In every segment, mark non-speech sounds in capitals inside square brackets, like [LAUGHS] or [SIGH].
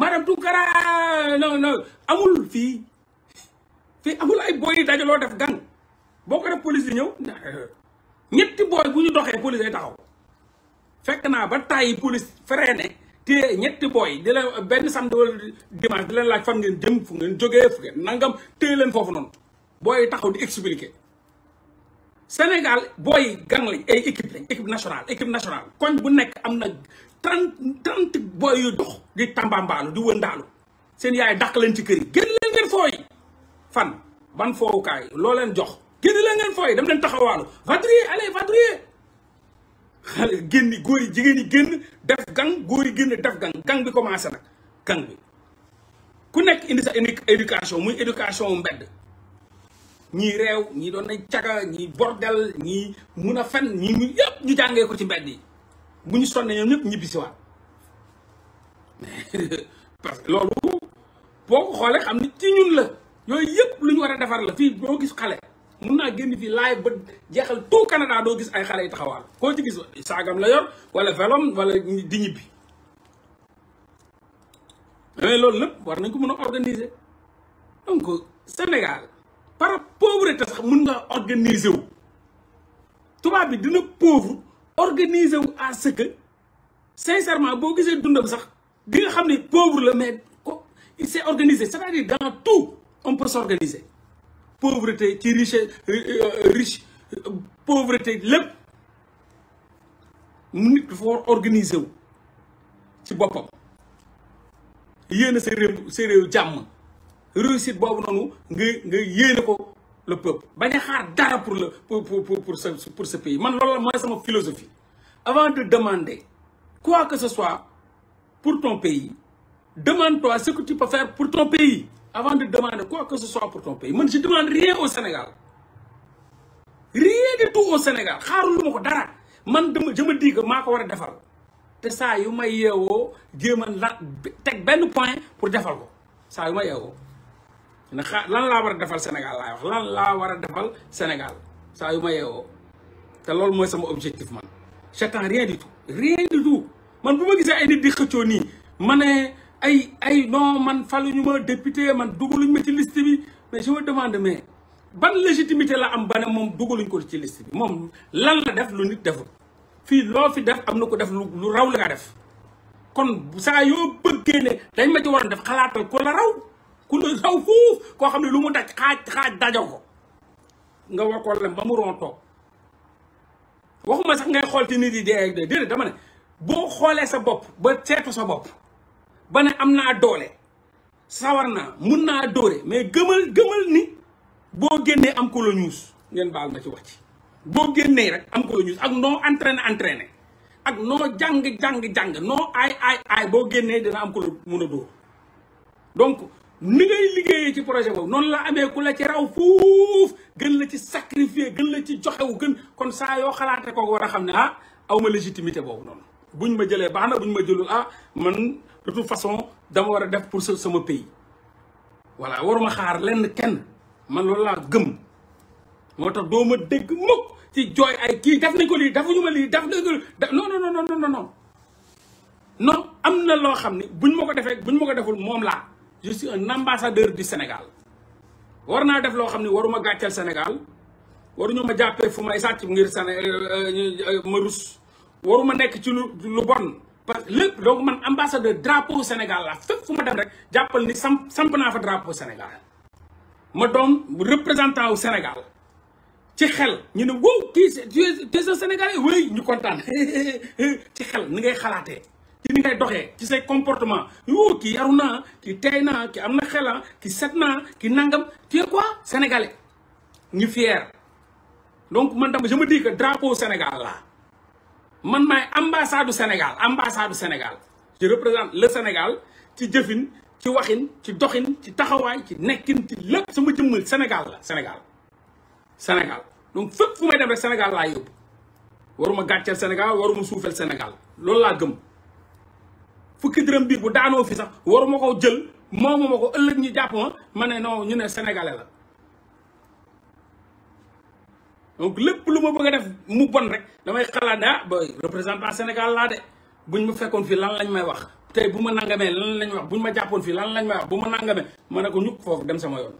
maanaam du gara non non amul fii fii amul ay booy yi loo def gang boo ko def police di ñëw eh, ñetti booy bu ñu doxee police ay taxaw fekk naa ba tàyyi police freiné te ñetti booy di leen benn samedi wala dimanche di leen laaj fan ngeen jëm fu ngeen jógee fu nangam téye leen foofu noonu booy taxaw di expliquer Sénégal booy gang lañ ay équipe lañ équipe nationale équipe nationale koñ bu nekk am na trente trente booy yu dox di tambambaalu di wëndaalu seen yaay dàq lañ ci kër yi génn leen ngeen fooy fan ban foowukaay loo jox génn leen ngeen fooy dem leen taxawaalu vadrouiller allez vadrouiller génn góor yi jigéen yi génn def gang góor yi génn def gang gang bi commencé nag gang bi ku nekk indi sa éducation muy éducation mbedd ñii réew ñii doon nañ caga ñii bordel ñii mun a fen ñii ñu yëpp ñu jàngee ko ci mbedd yi bu ñu sonnee ñoom ñëpp ñibbi si waat [LAUGHS] parce que loolu boo ko xoolee xam ni ci ñun la yooyu yëpp lu ñu war a defar la fii doo gis xale mun naa génn fii laay ba jeexal tout Canada doo gis ay xale yi taxawaal koo ci gis saagam la yor wala velom wala di ñibbi mais eh, loolu lépp war nañ ko mën a organiser donc Sénégal par pauvreté sax mun nga organiser wu tubaab bi dina pauvre organisez-vous à ce que sincèrement si vous avez sax gens nga xam pauvre mais il organisé c'est-à-dire dans tout on peut s'organiser pauvreté euh, euh, riche riche euh, pauvreté le. il organiser C'est ci le peuple baña a xaar dara pour le pour pour pour pour ce pour ce pays man lolu moy sama philosophie avant de demander quoi que ce soit pour ton pays demande-toi ce que tu peux faire pour ton pays avant de demander quoi que ce soit pour ton pays man je demande rien au Sénégal rien du tout au Sénégal xaaruluma ko dara man je me dis que mako wara war a defal yu may yéwo djéman a la point pour defal ko saa yu may yéwo na lan laa war a defal Sénégal laay wax lan laa war a defal Sénégal saa yu ma yeewoo te loolu mooy sama objectif man j'attends rien du tout rien du tout man bu ma gisee ay nit di xëccoo nii ma ne ay ay non man faluñu ma député man dugaluñ ma ci liste bi mais je me demande mais ban légitimité la am ba moom dugaluñ ko ci liste bi moom lan la def lu nit deful fii loo fi def am na ko def lu lu raw la nga def kon saa yoo bëggee ne dañ ma ci war a def xalaatal ko la ku la raw fuuf koo xam ne lu mu daj xaaj xaaj dajo ko nga wax ko lem ba mu ron toog waxuma sax ngay xool ci nit yi dee de déedéet dama ne boo xoolee sa bopp ba seetu sa bopp ba ne am naa doole sawar naa mun naa dóore mais gëmal gëmal ni boo génnee am ko la ñuus ngeen baal ma ci wax ci boo génnee rek am ko la ñuus ak noo entraîné entraîné ak noo jàng jàng jàng noo aay aay aay boo génnee dina am ko la mun a dóor donc ni ngay liggéey ci projet non, la la ci la sacrifier la ci ah légitimité non, buñ ma buñ ma ah de toute façon dama pour sama pays voilà waruma xaar lenn kenn man la gëm ci ay nañ ko non non non non non non buñ je suis un ambassadeur di Sénégal war naa def loo xam ne waruma gàcceel Sénégal waruñu ma jàppee fu ma sàcc ngir Sénégal euh, euh, euh, ma rus waruma nekk ci lu lu bon parce que lépp donc man ambassadeur drapeau Sénégal la fépp fu ma dem rek jàppal ni samp samp naa fa drapeau Sénégal ma doon représentant wu Sénégal ci xel ñu ne wow kii sénégal es ñu kontaan [LAUGHS] ci xel ni ngay xalaatee ci ni ngay doxee ci say comportement yoo ki yaru na ki tey naa ki am na xelan ki set na ki nangam ki es quoi sénégalais ñu fier donc man dama je me dis que drapeau Sénégal laa man maay ambassade du Sénégal ambassade Sénégal le Sénégal ci jëfin ci waxin ci doxin ci taxawaay ci nekkin ci lépp sama jëmmal Sénégal la Sénégal donc fépp fu may dem rek Sénégal laa yóbbu waruma gàcceel Sénégal waruma suufeel Sénégal loolu laa gëm fukki dërëm bii bu daanoo fi sax waruma ko jël moomu ma ko ëllëg ñu jàpp ma ma ne non ñu ne sénégalais la donc lépp lu ma bëgg a def mu bon rek damay xalaat daa ah, ba représentant Sénégal laa de buñ ma fekkoon fii lan lañ may wax tey bu ma nangamee lan lañu wax buñ ma jàppoon fii lan lañ may wax bu ma nangamee ma ne ko ñukk foofu dem sama yoon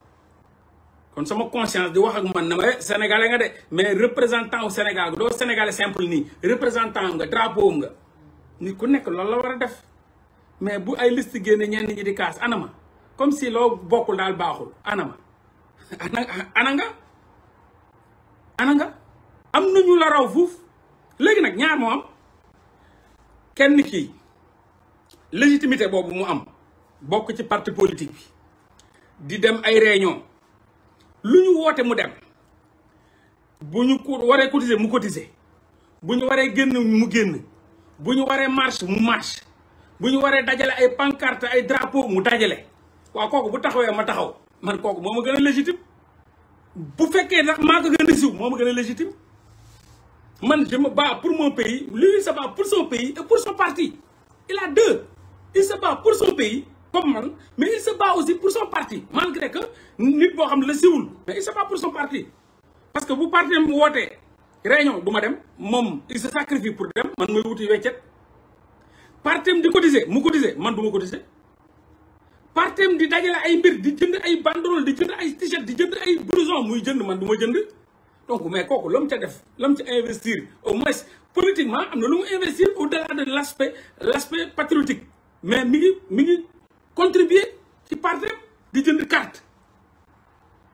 kon sama conscience di wax ak man na ma eh, sénégalais nga de mais représentant wu Sénégal doo sénégalais simple nii représentant nga drapeau nga ni nekk loolu la war a def mais bu ay liste génne ñenn ñi di kaas anama comme si loo bokkul daal baaxul anama ana nga ana nga am nañu la raw fuuf léegi nag ñaar moo am kenn kii légitimité boobu mu am bokk ci parti politique bi di dem ay réunion lu ñu woote mu dem bu ñu ko waree cotiser mu cotiser bu ñu waree génn mu génn bu ñu waree marche mu marche buñu waré dajalé ay pancarte ay drapeau mu dajalé waaw koku bu taxawé ma taxaw man koku moma ma légitime bu féké nak ma ko gën ciw moma moo légitime man je me bats pour mon pays lui se bat pour son pays et pour son parti il a deux il se bat pour son pays comme man mais il se bat aussi pour son parti malgré que nit bo xam le ciwul mais il se bat pour son parti parce que vous partez me wootee réunion du dem mom il se sacrifie pour dem man moy wouti weccet partem di cotiser mu cotiser man du ma cotiser partem di dajale ay mbir di jënd ay banderole di jënd ay t-shirt di jënd ay blouson muy jënd man du ma jënd donc mais kooku la mu ca def la mu ca investir au moins politiquement am na lu mu investir au delà de l' aspect l' aspect patriotique mais mi ngi mi ngi contribuer ci partem di jënd carte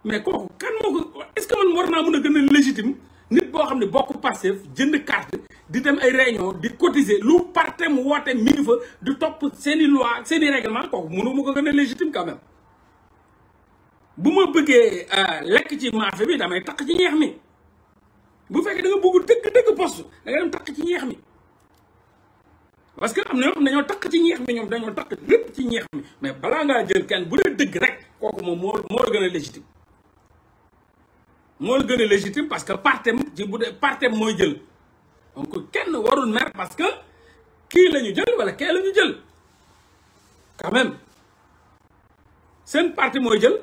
mais kooku kan moo ko est ce que man war naa mën a gën a légitime nit boo xam ne bokk Pastef jënd carte di dem ay réunion di cotiser lu parte mu woote mi ngi fa di topp seen i loi seen i règlement kooku mënu ma ko gën a légitime quand même bu ma bëggee euh, lekk ci maafe bi damay takk ci ñeex mi bu fekkee da nga bëgg dëgg dëgg poste da nga dem takk ci ñeex mi parce que am na ñoo xam takk ci ñeex mi ñoom dañoo takk lépp ci ñeex mi mais balaa ngaa jël kenn bu dee dëgg rek kooku moom moo moo la gën a légitime moo la gën a légitime parce que partem ci bu dee partem mooy jël donc kenn warul mer parce que kii la ñu jël wala kee la ñu jël quand seen parti mooy jël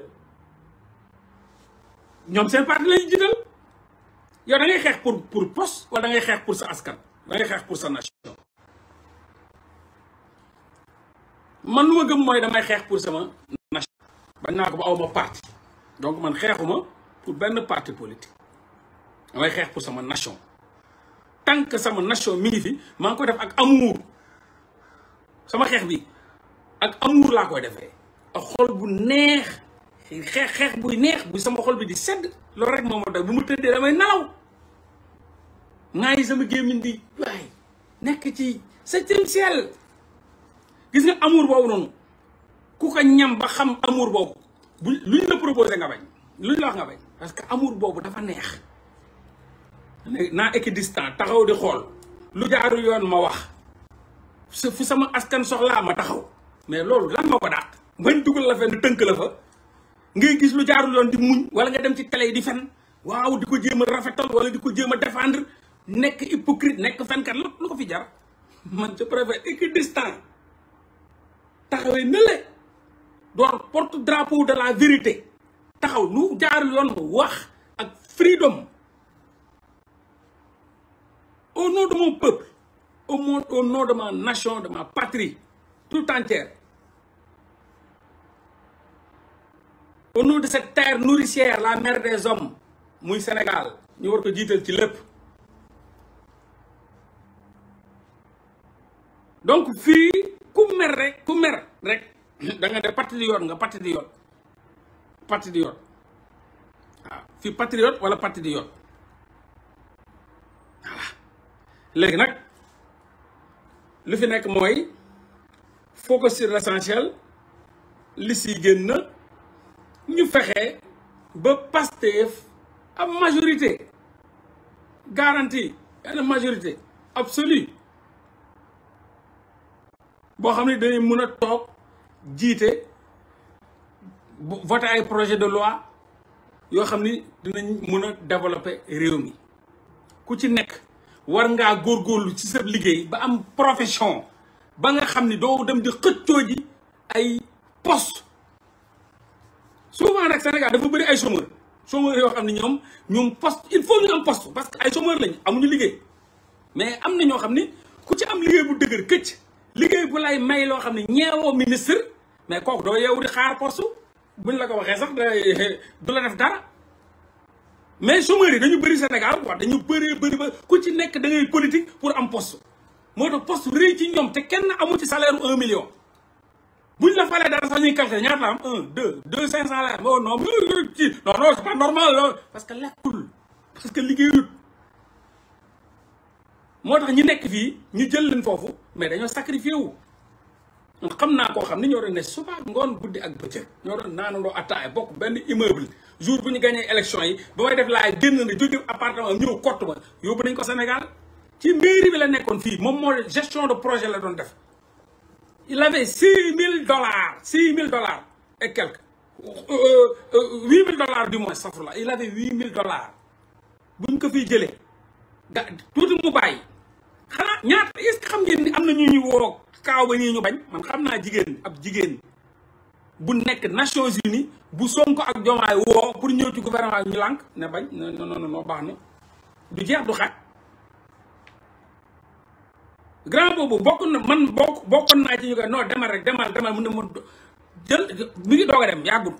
ñoom seen parti la ñu jiital yow da xeex pour pour poste wala da ngay xeex pour sa askan da xeex pour sa nation man lu ma gëm mooy damay xeex pour sama nation bañ naa ko ba ma parti donc man xeexuma pour benn parti politique damay xeex pour sama nation tant que sama nation mi ngi fi maa ngi koy def ak amour sama xeex bi ak amour laa koy defee ak xol bu neex xeex xeex buy neex bu sama xol bi di sedd loolu rek moom moo tax bu mu tëddee damay nalaw ngaa yi sama gémmiñ di waay nekk ci septième ciel gis nga amour boobu noonu ku ko ñam ba xam amur boobu bu luñ la proposé nga bañ luñ la wax nga bañ parce que amour bobu dafa neex na équidistant taxaw di xol lu jaaru yoon ma wax fu sama askan soxla ma taxaw mais loolu lan mako dak bañ dugul la fenn teunk la fa ngay gis lu jaaru yoon di muñ wala nga dem ci télé di fen waw diko jema rafetal wala diko jema défendre nek hypocrite nek fenkat la lu ko fi jar man je préfère équidistant taxawé ne le porte drapeau de la vérité taxaw lu jaar yoon mu wax ak freedom au nom au nom au nom nation de ma patrie tout entière au nom de cette terre nourricière la maire des hommes muy Sénégal ñu war ko jiital ci lépp donc fii ku mer rek ku mer rek da nga ne parti yoon nga parti di yoon patriote waaw ah, fi patriote wala patriote voilà le nak lu fi nek moy focus sur l'essentiel li si nous ñu fexé ba Pastef am majorité garantie une majorité absolue bo xamni ne dañuy mën a voté ay projet de loi yoo xam ni dinañ mun a développer réew mi ku ci nekk war ngaa góor góorgóorlu ci sa liggéey ba am profession ba nga xam ni doo dem di xëccoo ji ay su souvent nag Sénégal dafa bëri ay chômeur chômeur yoo xam ne ñoom ñoom poste il faut ñu am poste parce que ay chômeur lañ amuñu liggéey mais am na ñoo xam ni ku ci am liggéey bu dëgër këcc liggéey bu lay may loo xam ne ñeewoo ministre mais kooku doo yeewu di xaar poste buñ la ko sax du la def mais chômeurs yi dañu bëri Sénégal quoi dañu bëri ba ku ci nekk politique pour am poste poste ci te kenn amu ci salaire un million buñ la falee dara sax ñuy calculer la am 1 deux deux oh non non non c'est pas normal parce que là parce que motax ñi nekk ñu jël leen fofu mais dañu sacrifié xamna y xam ni ne suba guddi ak ñoo doon bokk ben immeuble jour buñu gagné élection yi ba way def na appartement ko Sénégal ci mairie bi la fi mom gestion de projet la doon def il avait 6000 dollars 6000 dollars et quelques euh, euh, huit dollars du moins il avait 8000 dollars buñ ko fi jëlé Tout mu ñaat est-ce xam ngeen ni ñu kaaw ba nii ñu bañ man xam naa jigéen ab jigéen bu nekk Nations Unies bu Sonko ak Diomaye woo pour ñëw ci gouvernement ñu lànk ne bañ non non non baax jeex du xaaj grand boobu bokk na man bokk bokkoon naa ci ñu koy non demal rek demal demal mu ne ma jël mi ngi doog dem yàggul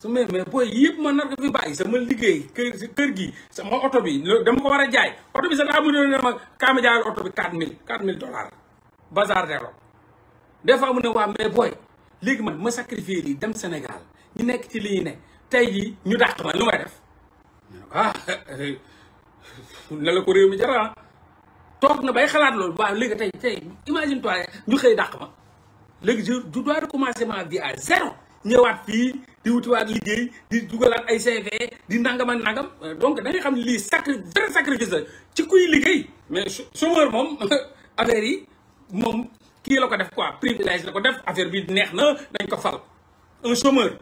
su ma mais booy yëpp ma nar ko fi bàyyi sama liggéey kër si kër gi sama oto bi dama ko war a jaay oto bi sa daa mujj ne ma kaama jaayal oto bi 4000 4000 dollars. bazar d'Europe des fois mu ne waa mais booy léegi man ma sacrifier lii dem Sénégal ñu nek ci li ne tay yi ñu dakk ma lu may def ah ne la ko rew mi jara. Tok na bay xalat loolu ba léegi tay tay, imagine toi ñu xëy dakk ma léegi je du doit recommencer ma vie à zéro ñëwaat fii di wutiwaat liggéey di dugalaat ay CV di nangam ak nangam donc dañuy xam ne lii sacri vrai sacrifice la ci kuy liggéey mais chômeur moom affaire yi moom kii la ko def ko quoi privilège la ko def affaire bi neex na dañ ko fal un chômeur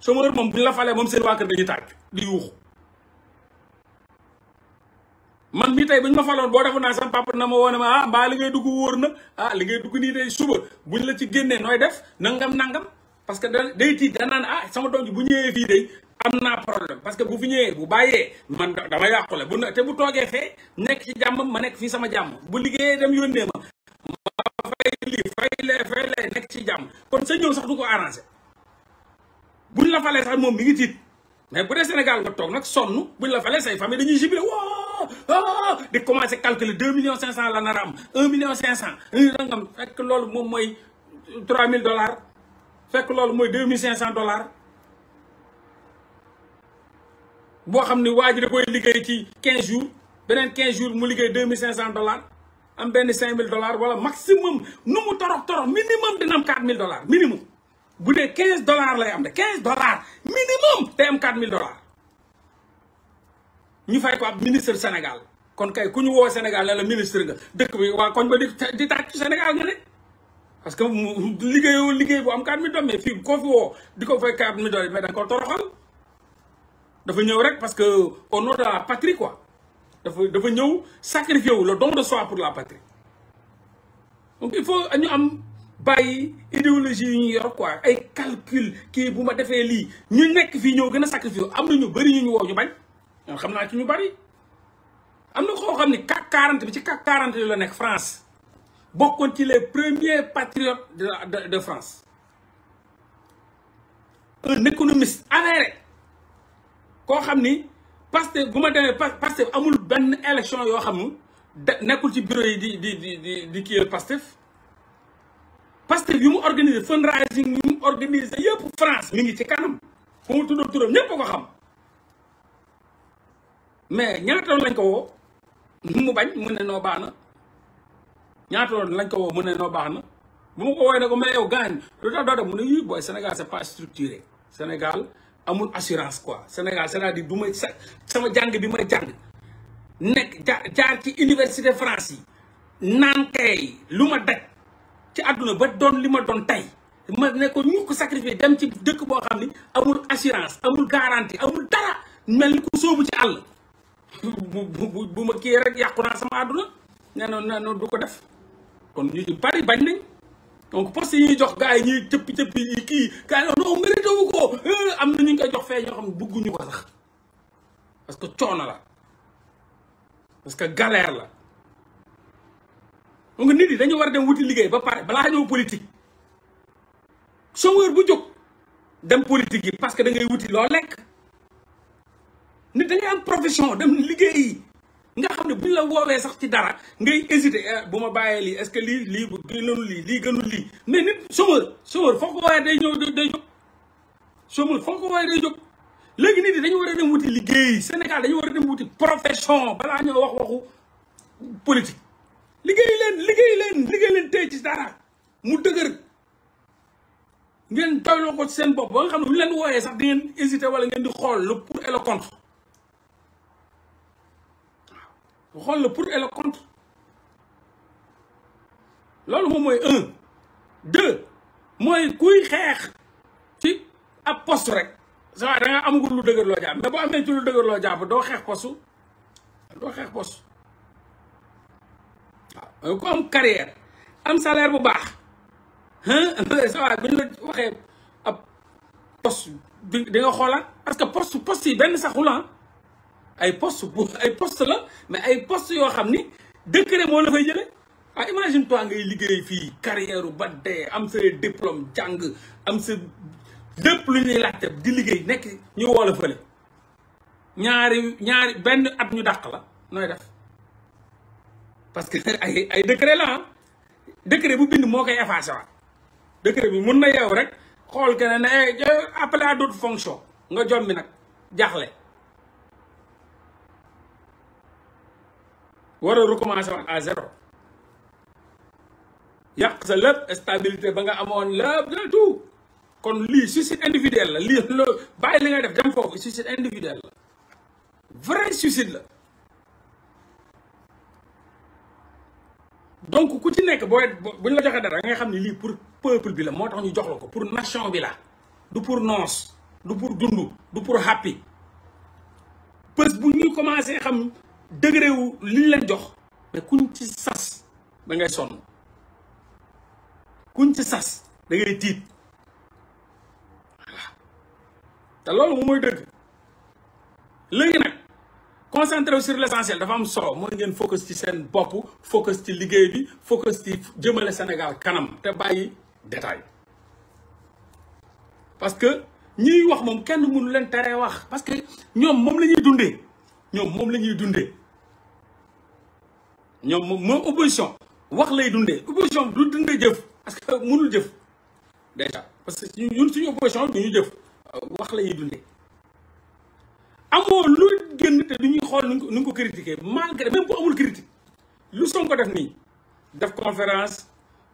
chômeur moom bu ñu la falee moom seen waa kër dañuy tàcc di yuuxu man mii tey bu ñu ma faloon boo defoon naa sama papa na ma woo ne ma ah mbaa li ngay dugg wóor na ah li ngay dugg nii tey suba ñu la ci génnee nooy def nangam nangam parce que da day tiit danaan ah sama doom ji bu ñëwee fii day am naa problème parce que bu fi ñëwee bu bàyyee man dama yàqule bu te bu toogee fee nekk ci jàmm ma nekk fii sama jàmm bu liggéeyee dem yónnee fay lii fay lee fay lee nekk ci jàmm kon sa ñëw sax du ko arrangé buñ la falee sax moom mi ngi tiit mais bu dee Sénégal nga toog nag sonn buñ la falee say famille dañuy jubilé woo di commencé calculer deux millions cinq cent la nar am un million cinq cent nangam fekk loolu moom mooy trois mille dollars fekk loolu mooy deux mille cinq cent dollars boo xam ne waa ji da koy liggéey ci quinze jours beneen quinze jours mu liggéey deux mille cinq cent dollars am benn cinq mille dollars wala maximum nu mu torox torox minimum dina am quatre mille dollars minimum bu dee quinze dollars lay am de quinze dollars minimum te am quatre mille dollars ñu fay ko ab ministre Sénégal kon kay ku ñu woo Sénégal ne la ministre nga dëkk bi waa koñ ba di di tàcc Sénégal nga ne parce que mu liggéey bu am quatre mille dollars mais fii koo fi woo di ko fay quatre mille dollars mais da ko toroxal dafa ñëw rek parce que au dafa faut sacrifier le don de soi pour la patrie donc il faut nous ayons une idéologie quoi calcul qui Nous ma ñu nous a Nous ñu ñu woo ñu bañ Nous 40 40 la France bokkoon ci les premiers patriotes de de France un économiste avéré Quand parce que si demee une élection yo xamnu ne ci bureau di di di di des kii Pastef Pastef yu fundraising yu mu France mi ngi ci kanam ko tuddo turam ko xam mais ñaata lañ ko wo mu bañ mu ne ñaata lañ ko wo mu ne bu ko woowee ne ko mais yow do do Sénégal c'est pas structuré Sénégal. amul assurance quoi Sénégal c'est-à-dire bu sama jàng bi ma jàng nekk jaar ci université France yi naan lu ma daj ci àdduna ba doon li ma doon tey ma ne ko ñu ko sacrifié dem ci dëkk boo xam ni amul assurance amul garantie amul dara mel ni ku sóobu ci àll bu bu ma kii rek yàqu naa sama àdduna noonu na du ko def kon ñu ci bari bañ nañ donc poste yi ñuy jox gars yi ñuy tëppi tëppi yi kii gars yi non mérité wu ko euh, am na ñu ngi jox fee ñoo xam bëgguñu ko sax parce que coono la parce que galère la donc nit yi dañu war a dem wuti liggéey ba pare balaa ñëw politique wér bu jóg dem politique yi parce que da ngay wuti loo lekk nit da am profession dem liggéey nga xam ne bu buñ la woowee sax ci dara ngay hésité eh, bu ma bàyyee lii est-ce que lii lii gënul lii lii gënul lii mais nit chômeur chômeur foo ko day ñëw day jóg chômeur foo ko léegi nit yi dañu war a dem wuti liggéey Sénégal dañu war a dem wuti profession balaa ñoo wax waxu politique liggéey leen liggéey leen tey ci dara mu dëgër ngeen doyloo ko seen bopp ba nga xam ne bu ñu leen wooyee sax di ngeen hésité wala ngeen di xool lu pour et mu xool le pour et loolu moom mooy deux mooy kuy xeex ci ab post rek saa da am amagul lu dëgër loo jàpp mais boo amee ci lu dëgër loo jàpp doo xeex poste doo xeex poste waaw ku am carrière am salaire bu baax saa [LAUGHS] bu ñu la waxee ab poste di nga xoolaat parce que poste post yi benn saxul ay poste bu ay post la mais ay post yoo xam ni décret moo la fay jële ah imagine toi ngay liggéey fii carrière ba dee am sa diplôme jàng am sa lépp lu ñuy laajte di liggéey nekk ñu woo la fële ñaari ñaari benn at ñu dàq la nooy def parce que ay ay décret la ah décret bu bind moo koy effacé waat décret bi mun na yeew rek xool keneen ne eh, appelé à d'autres fonctions nga jommi nag jaaxle war a recommencer waat à zéro yàq sa lépp stabilité ba nga amoon lépp la tout kon lii suicide individuel la lii loolu bàyyi li nga def dem foofu suicide individuel la vrai suicide la donc ku ci nekk booy bu ñu la joxee dara nga xam ne lii pour peuple bi la moo tax ñu jox la ko pour nation bi la du pour noos du pour dund du pour happy bés bu ñu commencé xam degré wu li ñu leen jox mais kuñ ci sas da ngay sonn kuñ ci sas da tiit voilà te loolu moom mooy dëgg léegi nag concentré wu sur l' dafa am solo mooy ngeen focus ci seen bopp focus ci liggéey bi focus ci jëmale Sénégal kanam te bàyyi détail parce que ñiy wax moom kenn mënu leen teree wax parce que ñoom moom la dundee ñoom moom la ñuy dundee ñoom moom moom opposition wax lay dundee opposition du dundee jëf parce que mënul jëf déjà parce que ñun suñu opposition du ñu jëf wax lay dundee amoo lu génn te du ñuy xool nu ñu ko critiquer malgré même bu amul critique lu ko def nii def conférence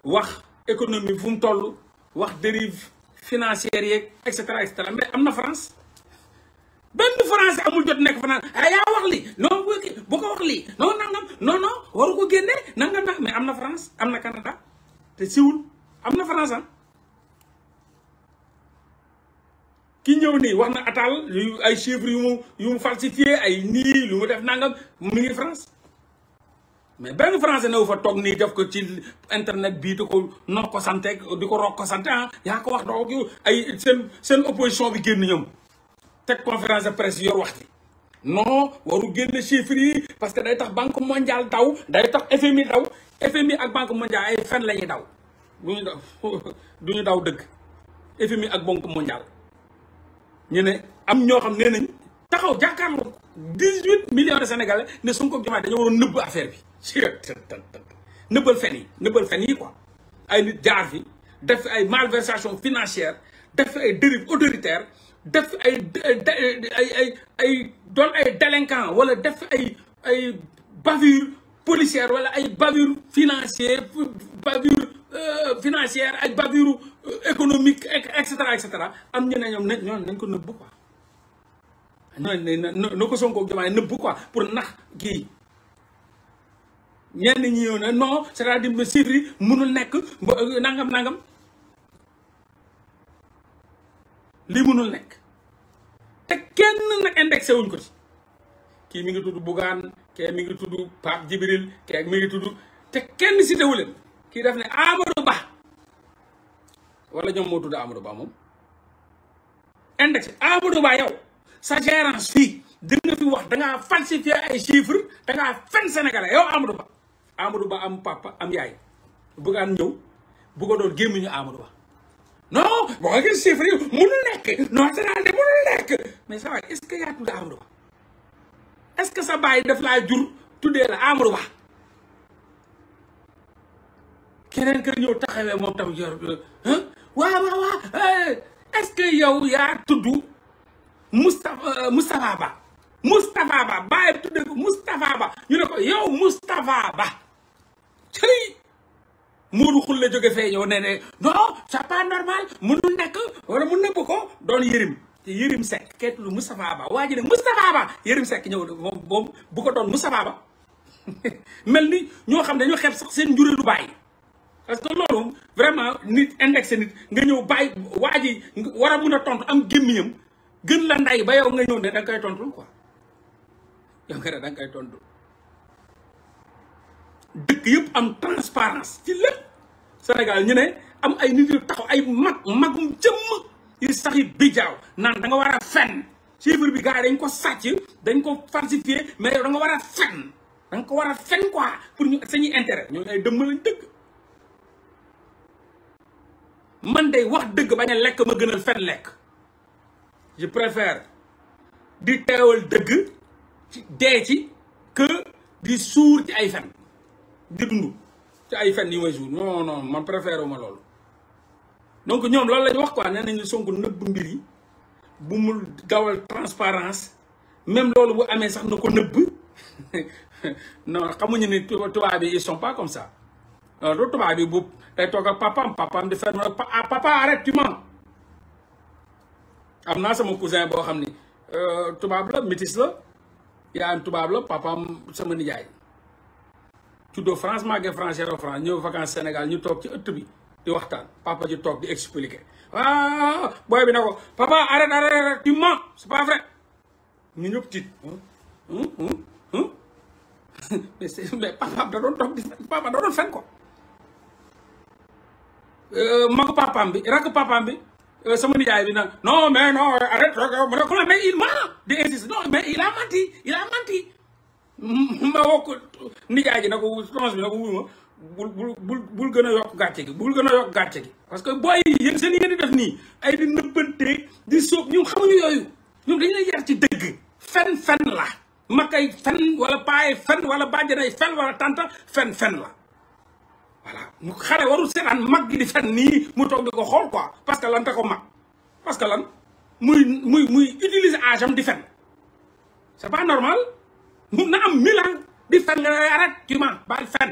wax économie fu mu toll wax dérive financière yeeg et cetera et mais am na France benn français amul jot nekk fanaan ah yaa wax lii non bu ko wax lii non nangam non non waru ko génne nangam ndax mais am na France am na Canada te siwul am na France am ah. ki ñëw nii wax na atal ay chiffres yu mu yu ay nii lu mu def nangam mu ngi France mais benn france ne fa toog nii def ko ci internet bii di ko noo ko sante di ko roog ko sante ah yaa ko wax doo ay seen seen opposition bi génn ñoom teg conférence de presse yor wax ji non waru génne chiffres parce que day tax banque mondiale daw day tax FMI daw FMI ak banque mondiale ay fen la daw duñu daw du [LAUGHS] dëgg FMI ak banque mondiale ñu ne am ñoo xam nee nañ taxaw jàkkaarloo dix huit millions de sénégalais ne Sonko ko Diomaye dañoo waroon nëbb affaire bi nëbbal fen yi nëbbal fen yi quoi ay nit jaar fi def ay malversation financière def ay dérive autoritaire def ay ay ay ay doon ay délinquant wala def ay ay bavure policière wala ay bavure financière bavure euh, financière ay bavure euh, économique et cetera am ñu ne ñoom nañ ñoom nañ ko nëbb na ko Sonko Diomaye nëbb quoi pour nax kii ñenn ñi ñëw ne non c'est-à-dire chiffre yi mënul nekk euh, nangam nangam. li mënul nek té kenn nak indexé wuñ ko ci ki mi ngi tuddu bugan ké mi ngi tuddu pap jibril ké mi ngi tuddu te kenn ci wu leen kii daf ne Amadou Ba wala ñom mo tuddu Amadou Ba mom indexé Amadou Ba yow sa gérance fi di nga fi wax da nga falsifier ay chiffre da nga fen Sénégalais yow Amadou Ba Amadou Ba am papa am yaay bugan ñew bu ko doon ñu Amadou Ba. non boo ko gis chiffre yi mënul nekk non général de mënul nekk mais sa waay est ce que yaa tudd Amadou Ba est ce que sa baay daf laa jur tuddee la Amadou Ba keneen kër ñëw taxawee que yow yaa euh, Ba Moustapha Ba bàyyi tuddee ko Moustapha Ba ñu ne ko yow Moustapha Ba Modou la jóge fee ñëw ne ne non c'est pas normal mënul nekk wala mu nëbb ko doon Yérim te Yérim Seck keet lu Moustapha Ba waa ji ne Moustapha Ba Yérim Seck ñëw moom moom bu ko doon Moustapha Ba [LAUGHS] mel ni ñoo xam dañoo xeeb sax seen njuré lu bàyyi parce que loolu vraiment nit indexé nit nga ñëw bàyyi waa ji war a mun a tontu am gémmiñam gën la nday ba yow nga ñëw ne da nga koy tontul quoi yow nga ne da koy tontu dëkk yëpp am transparence ci lépp Sénégal ñu ne am ay nit yu taxaw ay mag magum jëmm yu sax yi bijaaw naan danga nga war a fenn chiffre bi gars yi dañ ko sàcc dañ ko falsifié mais yow da war a fenn danga ko war a fenn quoi pour ñu sañuy intérêt ñoo day dëmm lañ dëgg man day wax dëgg bañ a lekk ma a fenn lekk je préfère di teewal dëgg ci dee ci que di suur ci ay fen di dund ci ay fenn yi may jour non non man préféré wu ma loolu donc ñom loolu lañ wax quoi né nañu sonku neub mbiri bu mu gawal transparence même loolu bu amé sax nako neub [LAUGHS] non xamuñu ni tubaab bi ils sont pas comme ça do tubaab bi bu day toka papa papa am di ferme ah papa arrête tu mens amna sama cousin bo xamni ni toba bla métis la ya am tubaab bla papa sama nijaay do France màggee France yaroo France ñeu vacances Sénégal ñu tok ci eut bi di waxtaan papa ji tok di expliquer waaw ah, boy bi nako papa arrête arrête tu mens c'est pas vrai ñu hmm hmm [LAUGHS] mais papa da doon tok di papa da doon fen ko euh, mako papa bi rak papa bi euh, sama nijaay bi nag non mais non arrête mu mais il ment di insiste non mais il a menti il a menti [LAUGHS] ma wokk nijaay ji na ko tonse bi na ko wuy ma bul bul bul gën a yokk gàcce gi bul gën a yokk gàcce gi parce que boo yi yéen seen yéen di def nii ay di nëbbanteeg di sóob ñu xamuñu yooyu ñoom dañu lay yar ci dëgg fen fen la makay fen wala paay fen wala bàjjanay fen wala tanta fen fen la voilà ñu xale warul seetaan mag gi di fen nii mu toog di ko xool quoi parce que lan te ko mag parce que lan muy muy muy utiliser âge am di fen c'est pas normal mun na am milan di fen nga arrête tu mens bàyyi fen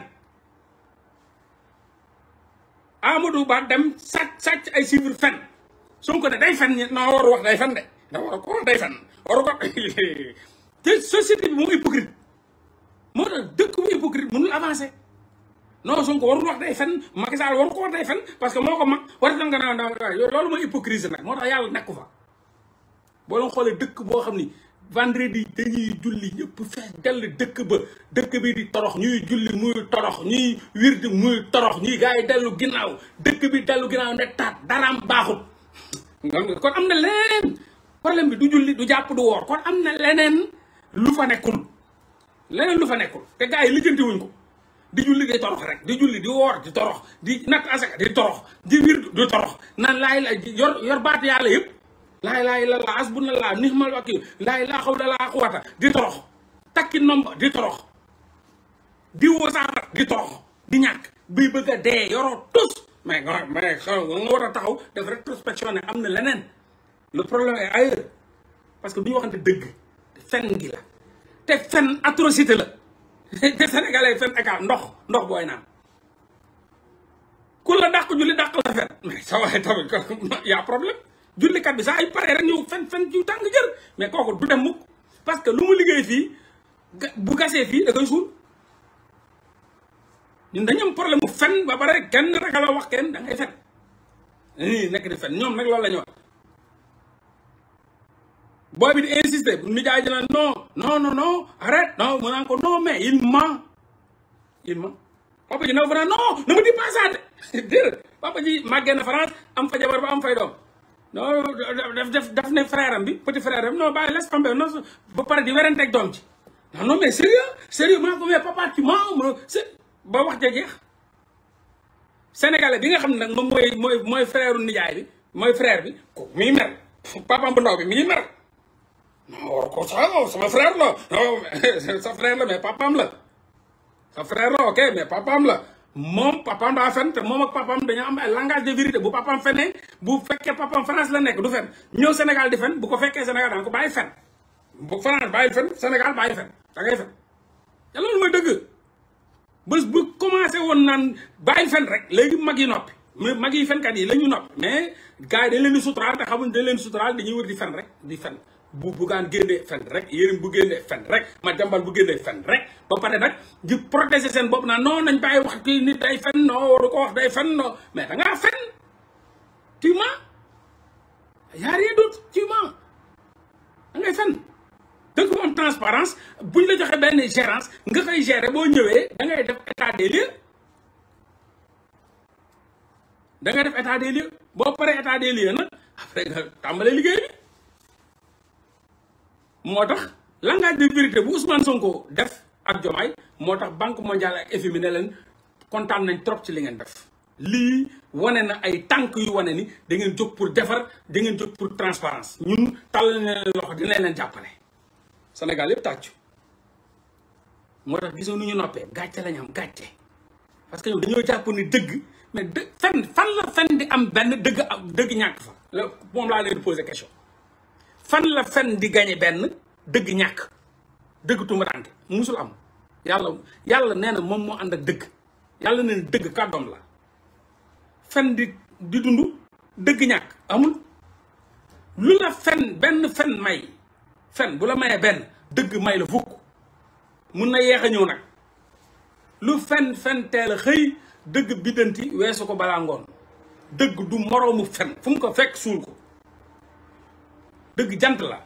Amadou Ba dem sàcc sàcc ay chiffres fen Sonko ne day fen na war wax day fen de da war ko wax day fen war ko [LAUGHS] bi moo hypocrite moo tax dëkk bu hypocrite avancé noo non Sonko warul wax day fen Macky Sall waru ko wax day fen parce que moo ko mag war tan nga naan loolu mooy hypocrisie nag moo tax yàlla nekku fa boo leen xoolee dëkk boo xam ni vendredi dañuy julli ñëpp fees dell dëkk ba dëkk bi di torox ñuy julli muy torox ñuy wirdi muy torox ñuy gaa yi dellu ginnaaw dëkk bi dellu ginnaaw ne taat daraam baaxut kon am na leneen problème bi du julli du jàpp du kon am na leneen lu fa nekkul leneen lu fa nekkul te gars yi lijjanti wuñ ko di julli di torox rek di julli di woor di torox di natt asaka di torox di wirdu di torox naan laay la yor yor baat yàlla yëpp laa la illallah la Nihmal wakil lay la hawla la quwwata di torox takki nomba di torox di wasaara di torox di ñak bi bëgg dé yoro tous tus mais nga mais xaw nga wara taxaw def rek prospection amna lenen le problème est ailleurs parce que bu waxante deug fen gi la té fen atrocité la [LAUGHS] té sénégalais fen eka ndox ndox boy na kula daku juli julli la fen mais sa way tamit ya problème jullikat bi sax ay pare rek ñëw fen fen ñu tàng jër mais kooku du dem mukk parce que lu mu liggéey fii bu gasee fii da koy suul ñun am problème mu fen ba pare kenn ragal a wax kenn da ngay fen dañuy nekk di fen ñoom nag loolu la ñu wax booy bi di insister bu ñu jaay jëlaat non non non non arrête mu naan ko non mais il ment il ment papa ji naw fa naan non ne me dis pas ça [LAUGHS] déedéet papa na France am fa jabar ba am fay doom. non def def ne frère am bi petit frère am non bàyyi laisse tomber non ba pare di werante ak doom ci non non mais sérieux sérieux mu ne ko mais papa tu mens ba wax ja jeex sénégalais bi nga xam ne nag moom mooy mooy mooy frère nijaay bi mooy frère bi ko mi ngi mer papaam bu ndaw bi mi ngi mer non war ko sax sama frère la non [LAUGHS] sa frère la mais papaam la sa frère la ok mais papaam la moom papaam daa fen te moom ak papaam dañoo am ay langage de vérité bu papaam fenee bu fekkee papaam France la nekk du fen ñëw Sénégal di fen bu ko fekkee Sénégal daan ko bàyyi fen bu France bàyyi fen Sénégal bàyyi fen da fen te loolu ma dëgg bés bu commencé woon naan bàyyi fen rek léegi mag yi noppi mag yi fenkat yi la ñu noppi mais gars yi dañ leen di suturaal te xamuñ dañ leen suturaal dañuy wër di fen rek di fen bu bugaan génnee fen rek yérim bu génnee fen rek ma jambal bu génnee fen rek ba pare nak di protéger sen bop na non nañ bàyyi wax ki nit day fen no waru ko wax day fen no mais da nga fen tu ma ya a rien d'autre tu ma da fen dëgg moom transparence buñ la joxee ben gérance nga koy gérer bo ñëwé da ngay def état des lieux da ngay def état des lieux bo paree état des lieux nak après nga tàmbalee liggéey motax langage de vérité bu Ousmane Sonko def ak Jomaay motax banque mondiale ak FMI ne len contane nañ trop ci li ngeen def li woné na ay tank yu woné ni da ngeen jog pour defar da ngeen jog pour transparence ñun tal na leen loxo dinañ len jappalé Sénégal yépp tàccu motax tax ñu noppé gatché lañ am gatché parce que ñoom dañoo ni deug mais dë fan la fen di am ben deug deug ñak fa la lay poser question fan la fen di gañe benn dëgg ñàkk dëgg tumurante musul am yàlla yàlla nee na moom mu ànd ak dëgg yàlla nee dëgg kàddoom la fen di dund dëgg ñàkk amul lu la fen benn fen may fen bu la mayee benn dëgg may la fukk mun na yeex a ñëw nag lu fen fen teel xëy dëgg biddanti weesu ko balaa ngoon dëgg du moroomu fen fu mu ko fekk suul ko dëgg jant la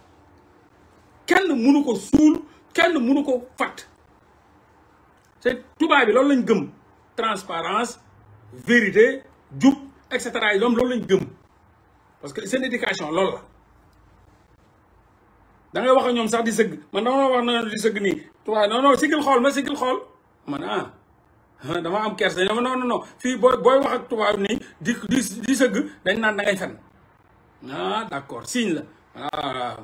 kenn mënu ko suul kenn mënu ko fàtt te tubaab bi loolu lañ gëm transparence vérité jub et cetera yi loolu lañ gëm parce que seen éducation loolu la da wax ak ñoom sax di sëgg man dama wax na di sëgg nii tubaab non non sigil xool ma sigil xool man ah, ah dama am kersa non non non fii booy booy wax ak tubaab nii di di di sëgg dañ naan da ngay fen ah d'accord signe la Euh,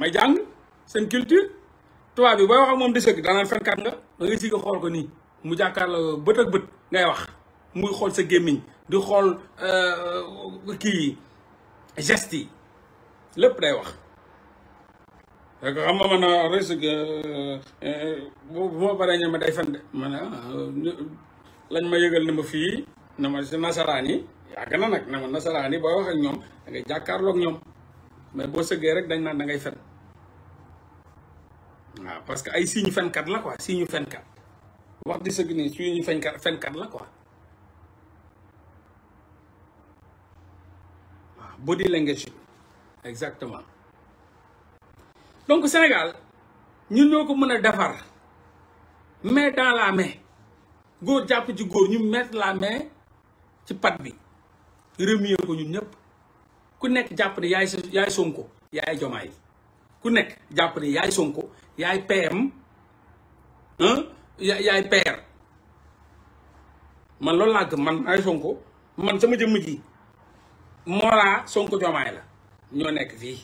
may jang sen culture tubaab bi boy wax ak moom di sëgg danaan fenkat nga da ngay sigi xol ko ni mu jakar la beut ak beut ngay wax muy xol sa gemign di xool euh, kii geste yi lépp day wax rek xam euh, ma na rëy euh bo bare ñama day fen man ah, lañ ma yeggal na ma fi na ma si nasaraan yi yàgg na na ma nasarani boy wax ak ñom da ngay jàkkaarloo ak ñom mais bo seugé rek dañ nan da ngay fen waaw ah, parce que ay signe kat la quoi signe kat wax di seug ni suñu nii kat fenkat kat la quoi waaw ah, body language exactement donc Sénégal ñun ñoko mëna défar mais dans la main goor japp ci goor ñu mettre la main ci pat bi remier ko ñun ñep ku nekk jàpp ne yaay yaay Sonko yaay Jomaay ku nekk jàpp ne yaay Sonko yaay PM yaay PR man loolu laa gëm man ay Sonko man sama jëmm ji Mollah Sonko Jomaay la ñoo nekk fii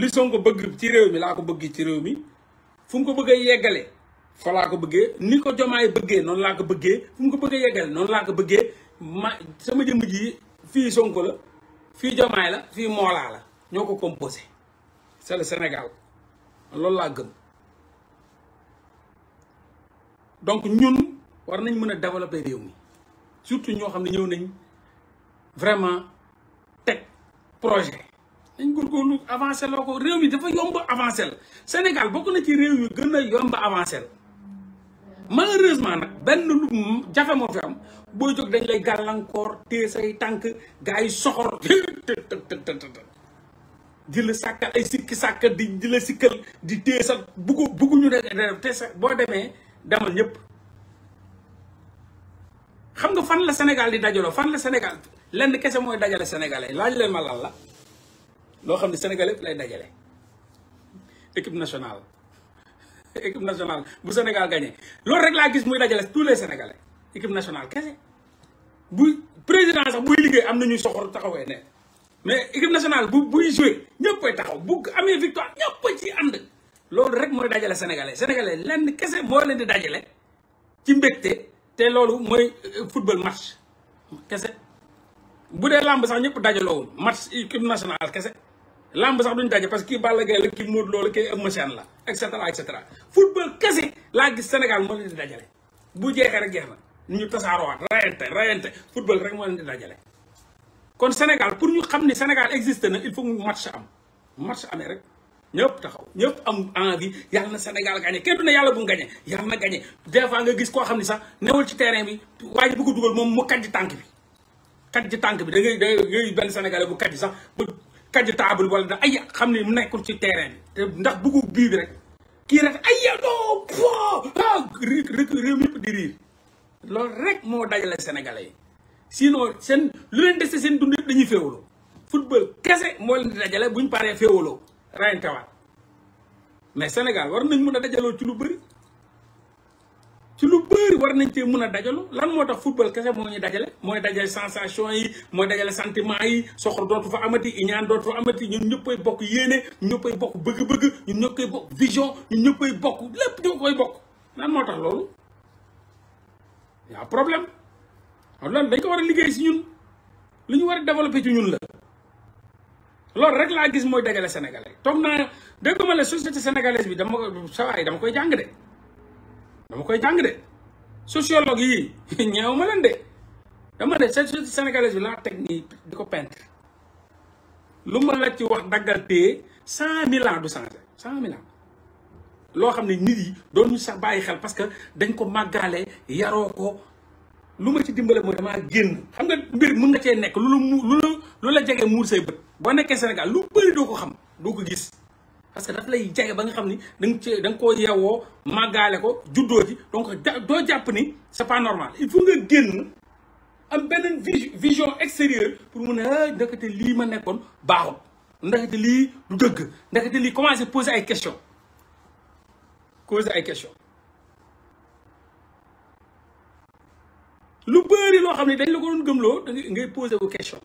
li Sonko bëgg ci réew mi laa ko bëgg ci réew mi fu mu ko bëgg a yeggale fa laa ko bëggee ni ko Jomaay bëggee noonu laa ko bëggee fu mu ko bëgg a yeggale noonu laa ko bëggee ma sama jëmm ji fii Sonko la fii la fii Moolaa la ñoo composé c'est le Sénégal loolu laa gëm donc ñun war nañ mën développer réew mi surtout ñoo xam ne nañ vraiment teg projet dañ góorgóorlu avancé loo ko réew mi dafa yomb avancé la Sénégal bokk na ci réew yu gën a yomb malheureusement nag benn lu jafe moo fi am booy jóg dañ lay gàllankoor téye tànk gars yi soxor di la sàkkal ay sikki sàkkal di di la sikkal di téye sa buggu bugguñu de te sa boo demee demal ñëpp xam nga fan la Sénégal di dajaloo fan la Sénégal lenn kese mooy dajale sénégalais laaj leen ma lan la loo xam ne sénégalais lay dajale équipe nationale [LAUGHS] équipe nationale bu Sénégal gagné loolu rek laa gis muy dajale tous les sénégalais équipe nationale kese bu président sax buy liggéey am na ñuy soxor taxawee ne mais équipe nationale bu buy joué ñëppay taxaw bu amee victoire ñëpp ci ànd loolu rek mooy dajale sénégalais sénégalais lenn kese moo leen di dajale ci mbégte te loolu mooy euh, football match kese bu dee làmb sax ñëpp dajaloowul match équipe nationale kese. làmb sax duñ daje parce que kii Balla Gaye la kii Modou Lo la kii Eumeu Sène la et cetera et cetera football kese laa gis Sénégal moo leen di dajale bu jeexee rek jeex na ñu tasaarowaat rayante rayante football rek moo leen di dajale. kon Sénégal pour ñu xam ne Sénégal existe na il faut mu match am match amee rek ñëpp taxaw ñëpp am envie yàlla na Sénégal gagné kenn du ne yàlla bu mu gagné yàlla na gagné des fois nga gis koo xam ne sax newul ci terrain bi waa b bu ko dugal moom tànk bi kàjji tànk bi da ngay da ngay benn Sénégalais bu kàjji sax ba. kaju taabal wala da ay xam ne nekkul ci terrain ndax buggu bii bi rek kii rek ay doo po loolu rek moo dajale sénégalais yi sinon seen lu leen dese seen dund yëpp dañuy féewaloo football kese moo leen di dajale bu ñu paree féewaloo rayantewaat mais Sénégal war nañ mun a dajaloo ci lu bëri ci lu bëri war nañ cee mën a dajalu lan moo tax football kese moo ñu dajale mooy dajale sensation yi mooy dajale sentiment yi soxor dootu fa amati iñaan dootu fa amati ñun ñëppay bokk yéene ñun ñëppay bokk bëgg-bëgg ñun ñëppay bokk vision ñu ñëppay bokk lépp ñu koy bokk lan moo tax loolu yaa problème lan loolu dañ ko war a liggéey si ñun lu ñu war a développé ci ñun la loolu rek laa gis mooy dajale sénégalais toog naa dégg ma la société sénégalaise bi dama ko saa waay dama koy jàng dama koy jàng de sociologue yi [LAUGHS] ñeew ma leen de dama ne société sénégalaise bi laa teg nii di ko peintre lu ma la ci wax daggal téye cent mille ans du changé cent mille ans loo xam ne nit yi doon ñu sax bàyyi xel parce que dañ ko màggaale yaroo ko lu ma ci dimbale mooy damaa génn xam nga mbir mun nga cee nekk lu la mu lu la lu la jege muur say bët boo nekkee Sénégal lu bëri doo ko xam doo ko gis parce que daf lay jege ba nga xam ni da nga cee da nga koo yeewoo màggaale ko juddoo ji donc doo jàpp ni c'est pas normal il faut nga génn am beneen vision extérieure pour mun a ah, ndekete lii ma nekkoon baaxut ndekete lii du dëgg ndekete lii commencer poser ay questions poser ay questions lu bëri loo xam ne dañ la ko doon gëmloo da ngay poser ko question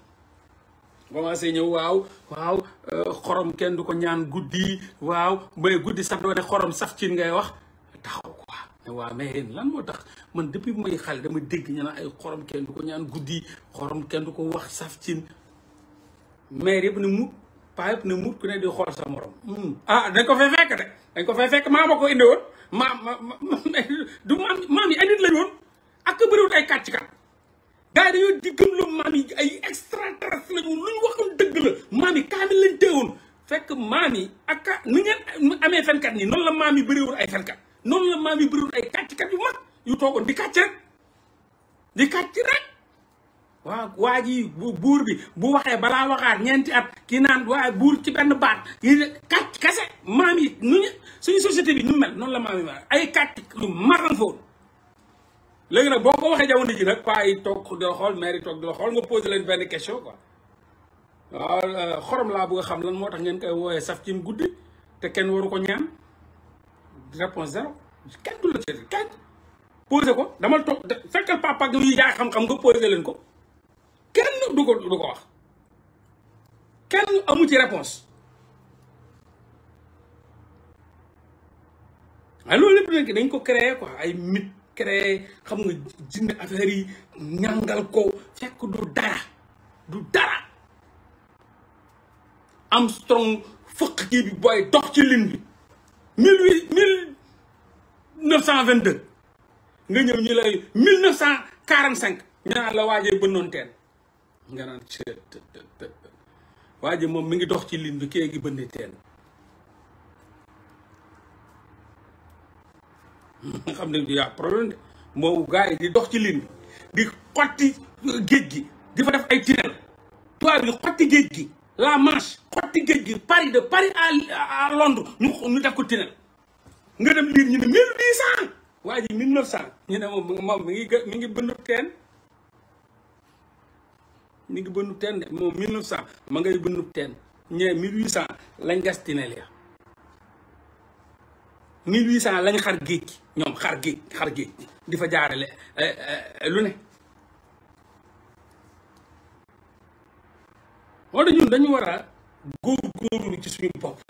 commencé ñëw waaw waaw euh, xorom kenn du ko ñaan guddi waaw mbay guddi sa doo ne xorom saf ci ngay wax taxaw quoi waaw mais yéen lan moo tax man depuis bu may xale dama dégg ñu naan xorom kenn du ko ñaan guddi xorom kenn du ko wax saf cin maire yëpp ne mut paa yëpp ne ne di xool sa morom hmm. ah dañ ko fay fekk ko fay fekk maama ko indi woon maam du maam maam yi ay nit lañu woon Ayo yi mami gëm ekstra yi ay extraterrestre lañu lu ñu waxoon la maam yi kaamil lañ fekk yi ak ni ngeen amee fenkat nii non la maam yi bëriwul ay kat non la maam yi bëriwul ay kat yu mag yu toogoon di kàcc rek di rek wa bu bur bi bu waxe bala waxat ñenti at ki naan wa bur ci ben baat yi katch kasse maam yi ñu suñu société bi ñu mel non la maam yi ay katch lu léegi nag boo ko waxee jamono ji nag paa yi toog di xool maire yi toog di la xool nga posé leen benn question quoi waaw euh, xorom laa bëgg a xam lan moo tax ngeen koy wooyee saf mu guddi te kenn waru ko ñaan réponse zéro kenn du ko dama toog fekkal papa ak yi jaay xam-xam nga posé leen ko kenn du ko du wax kenn amu ci réponse waaye loolu lépp nag dañ ko créer quoi ay mythe créé xam nga jinne affaire yi ñàngal ko fekk du dara du dara Armstrong fëq kii bi booy dox ci lim bi mille huit mille neuf nga ñëw ñu lay mille neuf cent quarante cinq ñu naan la waajee teen nga naan waajee moom mi ngi dox ci lim bi kii gi bënne teen nga xam ne yaa problème moo gars di dox ci ligne di xotti géej gi di fa def ay tunnel tubaab bi xotti gi la manche xotti géej gi Paris de Paris à Londres ñu ñu def ko tunnel nga dem liir ñu ne mille huit mau waa ji mille ten cent ñu ne moom mi ngi mi ngi bëndu teen mi ngi bëndu de moom ma ngay bëndu teen ñee mille lañ gas tunnel ya ni 1800 lañ xar géej gi ñoom xar géej xar géej di fa jaarale eh, eh, lu ne wala ñun dañu war a góorgóorlu ci suñu bopp